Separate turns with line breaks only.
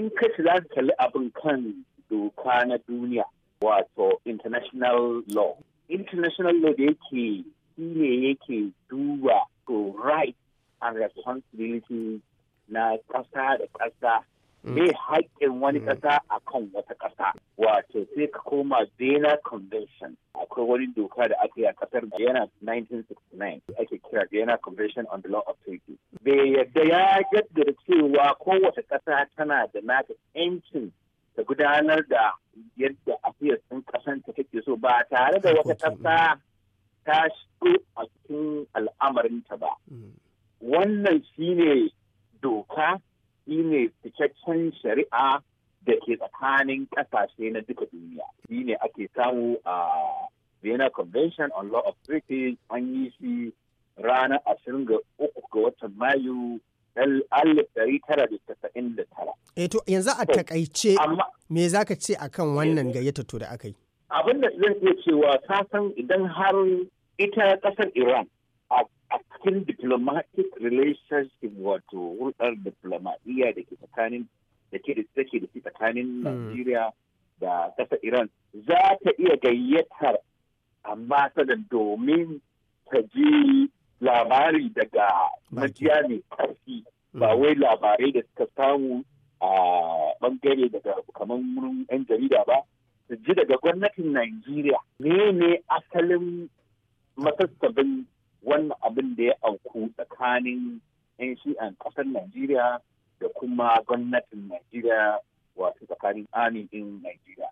in kashi za ka kalli abin kan doka na duniya wato international law international law da yake shi ne yake duba to right and responsibility na ƙasa da ƙasa ne mm. haƙƙin wani mm. ƙasa a kan wata ƙasa wato sai ka koma Vienna Convention akwai wani doka da aka yi a ƙasar yana 1969 ake kira Vienna Convention on the Law of Treaty bai yadda ya jaddada cewa kowace ƙasa tana da nata 'yancin ta gudanar da yadda afiyar ɗin ta take so ba tare da wata ƙasa ta shigo a cikin al'amarinta ba. Hmm. Wannan shine doka shine cikakken shari'a da ke tsakanin ƙasashe na duka duniya. Shine ake samu a Vienna Convention on Law of Treaties an yi shi ranar ashirin ga watan Mayu alif ɗari tara da tasa'in da tara. Eh to yanzu a takaice me za ka ce akan wannan eh, eh. gayyata da aka yi? Abin da zan iya cewa ta san idan har ita ƙasar Iran a cikin diplomatic relationship wato hulɗar diplomatiya da ke tsakanin da ke da take da tsakanin hmm. Najeriya da ƙasar Iran za ta iya gayyatar amma ta da domin ta je labari daga majiya ne farki ba mm. wai labarai da suka samu a bangare daga kamar wurin 'yan jarida ba su ji daga gwamnatin Najeriya ne ne asalin masassabin wannan abin da ya auku tsakanin 'yan shi'an ƙasar Najeriya da kuma gwamnatin Najeriya wasu tsakanin amin Najeriya.